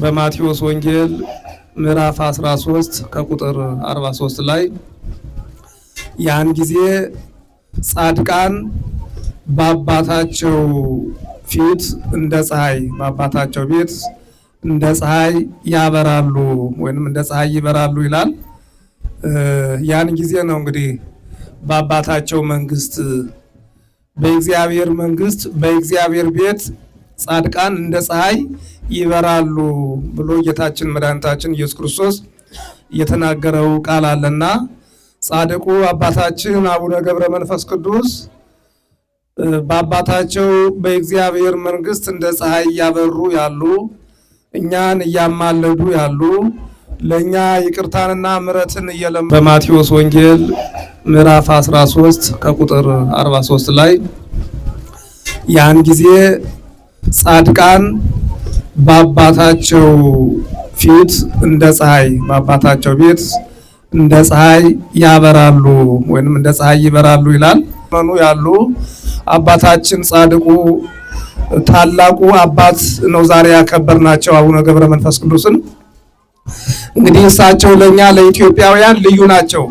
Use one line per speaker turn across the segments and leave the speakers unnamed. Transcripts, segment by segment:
በማቴዎስ ወንጌል ምዕራፍ 13 ከቁጥር 43 ላይ ያን ጊዜ ጻድቃን በአባታቸው ፊት እንደ ፀሐይ በአባታቸው ቤት እንደ ፀሐይ ያበራሉ ወይም እንደ ፀሐይ ይበራሉ ይላል። ያን ጊዜ ነው እንግዲህ በአባታቸው መንግስት በእግዚአብሔር መንግስት በእግዚአብሔር ቤት ጻድቃን እንደ ፀሐይ ይበራሉ ብሎ ጌታችን መድኃኒታችን ኢየሱስ ክርስቶስ የተናገረው ቃል አለና ጻድቁ አባታችን አቡነ ገብረ መንፈስ ቅዱስ በአባታቸው በእግዚአብሔር መንግስት እንደ ፀሐይ እያበሩ ያሉ እኛን እያማለዱ ያሉ ለእኛ ይቅርታንና ምረትን እየለመኑ በማቴዎስ ወንጌል ምዕራፍ 13 ከቁጥር 43 ላይ ያን ጊዜ ጻድቃን በአባታቸው ፊት እንደ ፀሐይ በአባታቸው ቤት እንደ ፀሐይ ያበራሉ ወይም እንደ ፀሐይ ይበራሉ ይላል። መኑ ያሉ አባታችን ጻድቁ ታላቁ አባት ነው ዛሬ ያከበርናቸው አቡነ ገብረ መንፈስ ቅዱስን። እንግዲህ እሳቸው ለኛ ለኢትዮጵያውያን ልዩ ናቸው።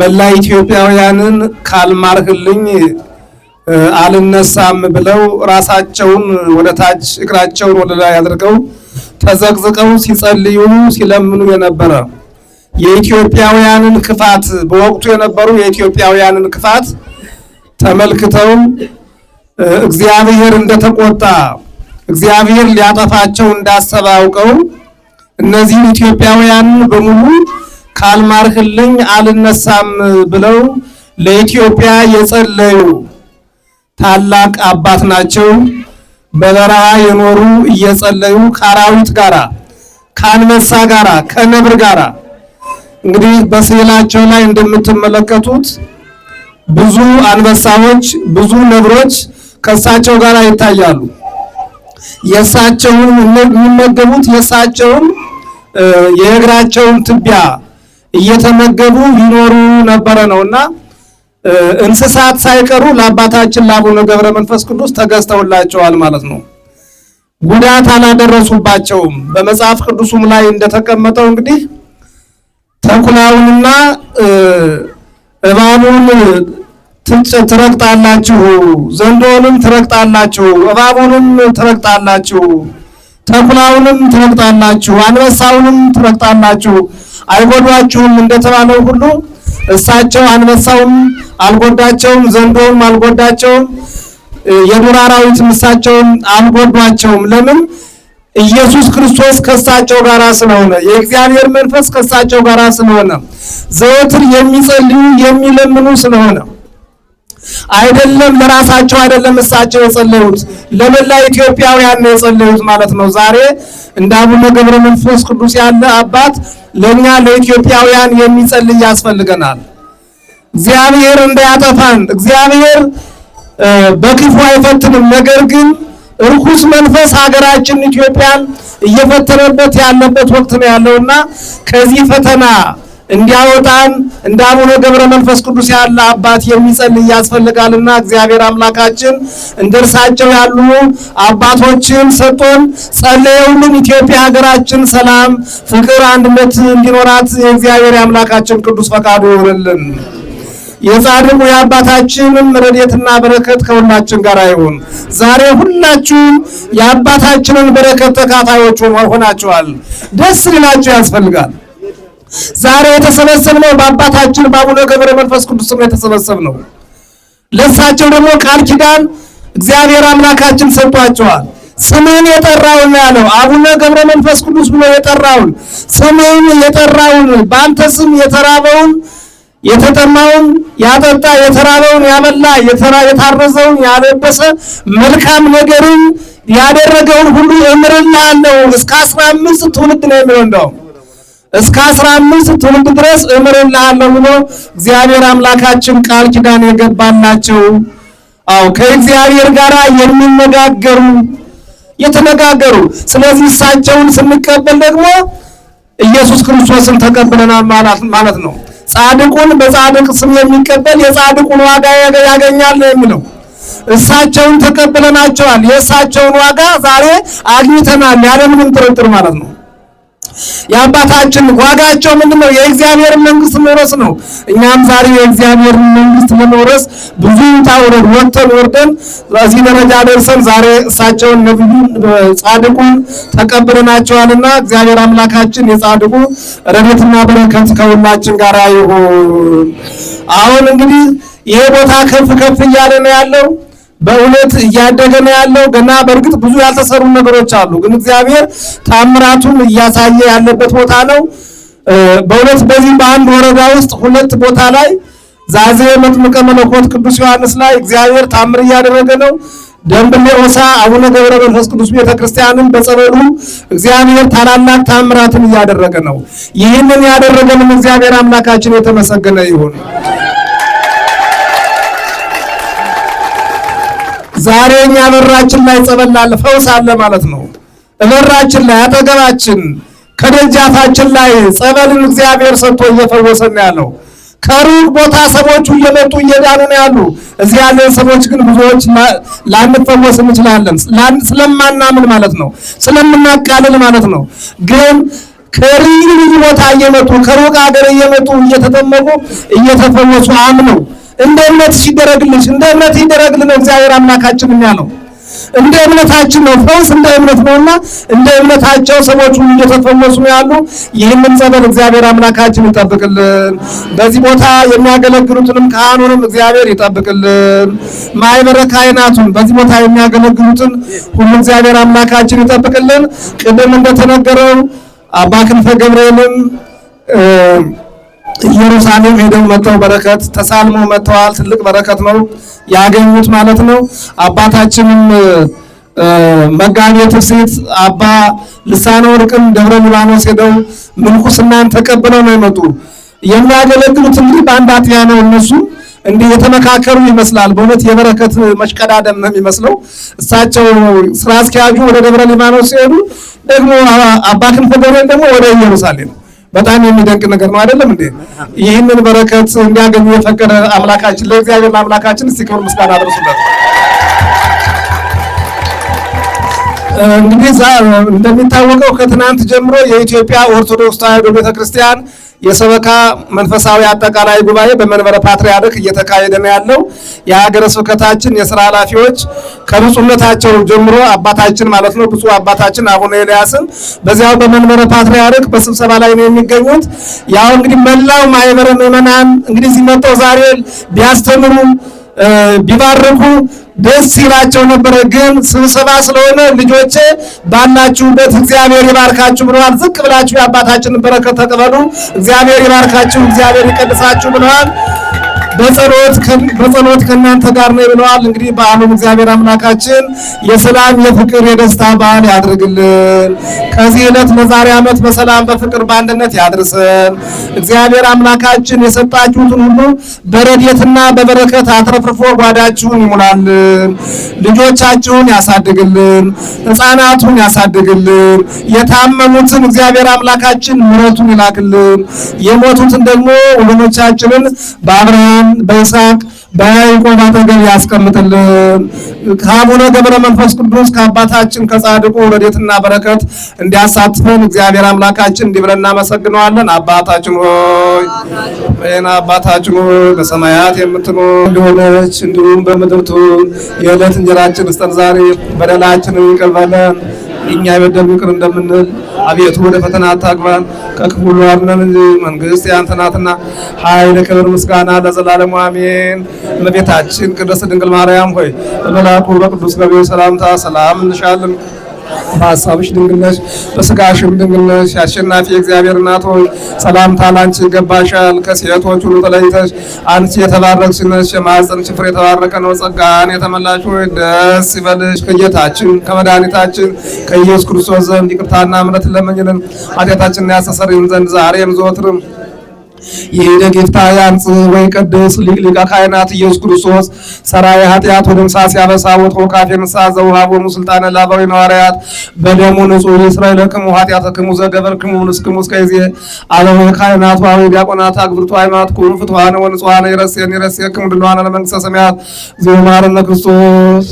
መላ ኢትዮጵያውያንን ካልማርህልኝ አልነሳም ብለው ራሳቸውን ወደ ታች እግራቸውን ወደ ላይ አድርገው ተዘቅዝቀው ሲጸልዩ ሲለምኑ የነበረ የኢትዮጵያውያንን ክፋት በወቅቱ የነበሩ የኢትዮጵያውያንን ክፋት ተመልክተው እግዚአብሔር እንደተቆጣ እግዚአብሔር ሊያጠፋቸው እንዳሰበ አውቀው እነዚህን ኢትዮጵያውያንን በሙሉ ካልማርህልኝ አልነሳም ብለው ለኢትዮጵያ የጸለዩ ታላቅ አባት ናቸው። በበረሃ የኖሩ እየጸለዩ ከአራዊት ጋራ ከአንበሳ ጋራ ከነብር ጋራ እንግዲህ በስዕላቸው ላይ እንደምትመለከቱት ብዙ አንበሳዎች፣ ብዙ ነብሮች ከእሳቸው ጋር ይታያሉ። የእሳቸውን የሚመገቡት የእሳቸውን የእግራቸውን ትቢያ እየተመገቡ ይኖሩ ነበረ እና እንስሳት ሳይቀሩ ለአባታችን ለአቡነ ገብረ መንፈስ ቅዱስ ተገዝተውላቸዋል ማለት ነው። ጉዳት አላደረሱባቸውም። በመጽሐፍ ቅዱሱም ላይ እንደተቀመጠው እንግዲህ ተኩላውንና እባቡን ትረግጣላችሁ፣ ዘንዶንም ትረግጣላችሁ፣ እባቡንም ትረግጣላችሁ ተኩላውንም ትረግጣላችሁ፣ አንበሳውንም ትረግጣላችሁ፣ አይጎዷችሁም እንደተባለው ሁሉ እሳቸው አንበሳውም አልጎዳቸውም፣ ዘንዶውም አልጎዳቸውም፣ የዱር አራዊትም አልጎዷቸውም። ለምን? ኢየሱስ ክርስቶስ ከእሳቸው ጋር ስለሆነ፣ የእግዚአብሔር መንፈስ ከእሳቸው ጋር ስለሆነ፣ ዘወትር የሚጸልዩ የሚለምኑ ስለሆነ አይደለም ለራሳቸው አይደለም እሳቸው የጸለዩት ለመላ ኢትዮጵያውያን ነው የጸለዩት ማለት ነው። ዛሬ እንደ አቡነ ገብረ መንፈስ ቅዱስ ያለ አባት ለኛ ለኢትዮጵያውያን የሚጸልይ ያስፈልገናል። እግዚአብሔር እንዳያጠፋን እግዚአብሔር በክፉ አይፈትንም። ነገር ግን እርኩስ መንፈስ ሀገራችን ኢትዮጵያን እየፈተነበት ያለበት ወቅት ነው ያለውና ከዚህ ፈተና እንዲያወጣን እንደ አቡነ ገብረ መንፈስ ቅዱስ ያለ አባት የሚጸልይ ያስፈልጋልና እግዚአብሔር አምላካችን እንደ እርሳቸው ያሉ አባቶችን ሰጥቶን ጸለየውልን። ኢትዮጵያ ሀገራችን ሰላም፣ ፍቅር፣ አንድነት እንዲኖራት የእግዚአብሔር አምላካችን ቅዱስ ፈቃዱ ይሆንልን። የጻድቁ የአባታችንም ረድኤትና በረከት ከሁላችን ጋር ይሁን። ዛሬ ሁላችሁም የአባታችንን በረከት ተካፋዮች ሆናችኋል። ደስ ሊላችሁ ያስፈልጋል። ዛሬ የተሰበሰብነው በአባታችን በአቡነ ገብረ መንፈስ ቅዱስ ነው የተሰበሰብነው። ለእሳቸው ደግሞ ቃል ኪዳን እግዚአብሔር አምላካችን ሰጥቷቸዋል። ስምህን የጠራውን ያለው አቡነ ገብረ መንፈስ ቅዱስ ብሎ የጠራውን ስምህን የጠራውን በአንተ ስም የተራበውን የተጠማውን ያጠጣ የተራበውን ያመላ የታረዘውን ያለበሰ መልካም ነገርን ያደረገውን ሁሉ እምርልሃለሁ እስከ አስራ አምስት ትውልድ ነው የሚሆን እንደውም እስከ አስራ አምስት ትውልድ ድረስ እምርልሃለሁ ብሎ እግዚአብሔር አምላካችን ቃል ኪዳን የገባላቸው አው ከእግዚአብሔር ጋር የሚነጋገሩ የተነጋገሩ። ስለዚህ እሳቸውን ስንቀበል ደግሞ ኢየሱስ ክርስቶስን ተቀብለናል ማለት ነው። ጻድቁን በጻድቅ ስም የሚቀበል የጻድቁን ዋጋ ያገኛል የሚለው እሳቸውን ተቀብለናቸዋል። የእሳቸውን ዋጋ ዛሬ አግኝተናል ያለምንም ጥርጥር ማለት ነው። የአባታችን ዋጋቸው ምንድን ነው? የእግዚአብሔር መንግስት መውረስ ነው። እኛም ዛሬ የእግዚአብሔር መንግስት ለመውረስ ብዙ ታውረድ ወጥተን ወርደን በዚህ ደረጃ ደርሰን ዛሬ እሳቸውን ነብዩን ጻድቁን ተቀብለናቸዋልና እግዚአብሔር አምላካችን የጻድቁ ረድኤትና በረከት ከሁላችን ጋር ይሁን። አሁን እንግዲህ ይሄ ቦታ ከፍ ከፍ እያለ ነው ያለው። በእውነት እያደገ ነው ያለው። ገና በእርግጥ ብዙ ያልተሰሩ ነገሮች አሉ፣ ግን እግዚአብሔር ታምራቱን እያሳየ ያለበት ቦታ ነው። በእውነት በዚህም በአንድ ወረዳ ውስጥ ሁለት ቦታ ላይ ዛዜ መጥምቀ መለኮት ቅዱስ ዮሐንስ ላይ እግዚአብሔር ታምር እያደረገ ነው። ደንብሌ ኦሳ አቡነ ገብረ መንፈስ ቅዱስ ቤተክርስቲያንም በጸበሉ እግዚአብሔር ታላላቅ ታምራትን እያደረገ ነው። ይህንን ያደረገንም እግዚአብሔር አምላካችን የተመሰገነ ይሁን። ዛሬ እኛ በራችን ላይ ጸበል አለ፣ ፈውስ አለ ማለት ነው። በራችን ላይ አጠገባችን፣ ከደጃፋችን ላይ ጸበልን እግዚአብሔር ሰጥቶ እየፈወሰን ያለው ከሩቅ ቦታ ሰዎቹ እየመጡ እየዳኑ ነው ያሉ። እዚህ ያለን ሰዎች ግን ብዙዎች ላንፈወስ እንችላለን፣ ስለማናምን ማለት ነው፣ ስለምናቃልል ማለት ነው። ግን ከልዩ ቦታ እየመጡ ከሩቅ ሀገር እየመጡ እየተጠመቁ እየተፈወሱ አምነው እንደ እምነት ይደረግልሽ፣ እንደ እምነት ይደረግልን እግዚአብሔር አምላካችን ነው እንደ እምነታችን ነው። ፈውስ እንደ እምነት ነውና እንደ እምነታቸው ሰዎች ሁሉ እየተፈወሱ ነው ያሉ። ይህንን ጸበል እግዚአብሔር አምላካችን ይጠብቅልን። በዚህ ቦታ የሚያገለግሉትንም ካህኑንም እግዚአብሔር ይጠብቅልን። ማህበረ ካህናቱን በዚህ ቦታ የሚያገለግሉትን ሁሉ እግዚአብሔር አምላካችን ይጠብቅልን። ቅድም እንደተነገረው አባ ክንፈ ገብርኤልም ኢየሩሳሌም ሄደው መጥተው በረከት ተሳልሞ መጥተዋል። ትልቅ በረከት ነው ያገኙት ማለት ነው። አባታችንም መጋቤ ሴት አባ ልሳነ ወርቅም ደብረ ሊባኖስ ሄደው ምንኩስናን ተቀብለው ነው የመጡ። የሚያገለግሉት እንግዲህ በአንድ አጥቢያ ነው። እነሱ እንዲህ የተመካከሩ ይመስላል። በእውነት የበረከት መሽቀዳደም ነው የሚመስለው። እሳቸው ስራ አስኪያጁ ወደ ደብረ ሊባኖስ ሲሄዱ ደግሞ አባ ክንፈ ገብርኤል ደግሞ ወደ ኢየሩሳሌም በጣም የሚደንቅ ነገር ነው አይደለም እንዴ? ይህንን በረከት እንዲያገኙ የፈቀደ አምላካችን ለእግዚአብሔር አምላካችን እስቲ ክብር ምስጋና አድርሱለት። እንግዲህ እንደሚታወቀው ከትናንት ጀምሮ የኢትዮጵያ ኦርቶዶክስ ተዋሕዶ ቤተክርስቲያን የሰበካ መንፈሳዊ አጠቃላይ ጉባኤ በመንበረ ፓትርያርክ እየተካሄደ ነው ያለው። የሀገረ ስብከታችን የስራ ኃላፊዎች ከብፁዕነታቸው ጀምሮ አባታችን ማለት ነው ብፁዕ አባታችን አቡነ ኤልያስም በዚያው በመንበረ ፓትርያርክ በስብሰባ ላይ ነው የሚገኙት። ያው እንግዲህ መላው ማህበረ ምዕመናን እንግዲህ እዚህ ዛሬ ቢያስተምሩም ቢባርኩ ደስ ይላቸው ነበረ። ግን ስብሰባ ስለሆነ ልጆቼ ባላችሁበት እግዚአብሔር ይባርካችሁ ብለዋል። ዝቅ ብላችሁ የአባታችንን በረከት ተቀበሉ። እግዚአብሔር ይባርካችሁ፣ እግዚአብሔር ይቀድሳችሁ ብለዋል። በጸሎት ከእናንተ ጋር ነው ብለዋል። እንግዲህ በዓሉን እግዚአብሔር አምላካችን የሰላም የፍቅር የደስታ በዓል ያድርግልን። ከዚህ ዕለት ለዛሬ ዓመት በሰላም በፍቅር በአንድነት ያድርሰን። እግዚአብሔር አምላካችን የሰጣችሁትን ሁሉ በረድኤትና በበረከት አትረፍርፎ ጓዳችሁን ይሙላልን። ልጆቻችሁን ያሳድግልን፣ ሕፃናቱን ያሳድግልን። የታመሙትን እግዚአብሔር አምላካችን ምረቱን ይላክልን። የሞቱትን ደግሞ ወገኖቻችንን በአብርሃም በአብርሃም በይስሐቅ በያዕቆብ አጠገብ ያስቀምጥልን። ከአቡነ ገብረ መንፈስ ቅዱስ ከአባታችን ከጻድቁ ረድኤትና በረከት እንዲያሳትፈን እግዚአብሔር አምላካችን እንዲህ ብለን እናመሰግነዋለን። አባታችን ሆይ ይህን አባታችን ሆይ በሰማያት የምትኖር እንደሆነች እንዲሁም በምድርቱ የዕለት እንጀራችን ስጠን ዛሬ፣ በደላችንን ይቅር በለን እኛ የበደሉ ይቅር እንደምንል፣ አቤቱ ወደ ፈተና አታግባን፣ ከክፉ ሁሉ አድነን እንጂ መንግሥት ያንተ ናትና፣ ኃይል፣ ክብር፣ ምስጋና ለዘላለሙ አሜን። እመቤታችን ቅድስት ድንግል ማርያም ሆይ በመልአኩ በቅዱስ ገብርኤል ሰላምታ ሰላም እንሻለን። በሀሳብሽ ድንግል ነሽ፣ በስጋሽም ድንግል ነሽ። የአሸናፊ እግዚአብሔር እናት ሆይ ሰላምታ ላንቺ ይገባሻል። ከሴቶች ሁሉ ተለይተሽ አንቺ የተባረክሽ ነሽ። የማኅፀንሽ ፍሬ የተባረከ ነው። ጸጋን የተመላሽ ሆይ ደስ ይበልሽ። ከጌታችን ከመድኃኒታችን ከኢየሱስ ክርስቶስ ዘንድ ይቅርታና ምሕረት ለምኝልን ኃጢአታችንን ያስተሰርይልን ዘንድ ዛሬም ዘወትርም ይህን ጌታ ያንጽ ወይ ቅዱስ ሊቀ ካህናት ኢየሱስ ክርስቶስ ሰራዊ ኃጢአት ወደ ሲያበሳ ወጥቆ ካፌ ምሳ ዘውሃቦሙ ስልጣነ ላባዊ ነዋርያት በደሙ ንጹሕ የእስራኤልክሙ ኃጢአትክሙ ዘገበርክሙ ንስክሙ እስከይዜ አለወ ካህናት ዋዊ ዲያቆናት አግብርቱ ሃይማኖት ኩኑ ፍትሐነ ወንጽሐነ ይረሴን ይረሴክሙ ድልዋነ ለመንግሥተ ሰማያት ዘማረነ ክርስቶስ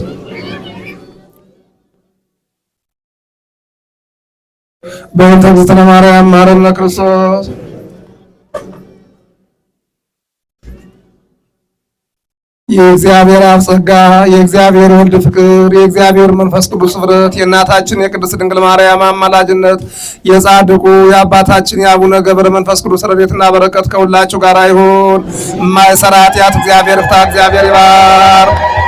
በእንተ እግዝእትነ ማርያም ማረነ ክርስቶስ የእግዚአብሔር አብ ጸጋ የእግዚአብሔር ወልድ ፍቅር የእግዚአብሔር መንፈስ ቅዱስ ኅብረት የእናታችን የቅድስት ድንግል ማርያም አማላጅነት የጻድቁ የአባታችን የአቡነ ገብረ መንፈስ ቅዱስ ረድኤትና በረከት ከሁላችሁ ጋር ይሁን። እማይሰራት ያት እግዚአብሔር ፍታ እግዚአብሔር ይባር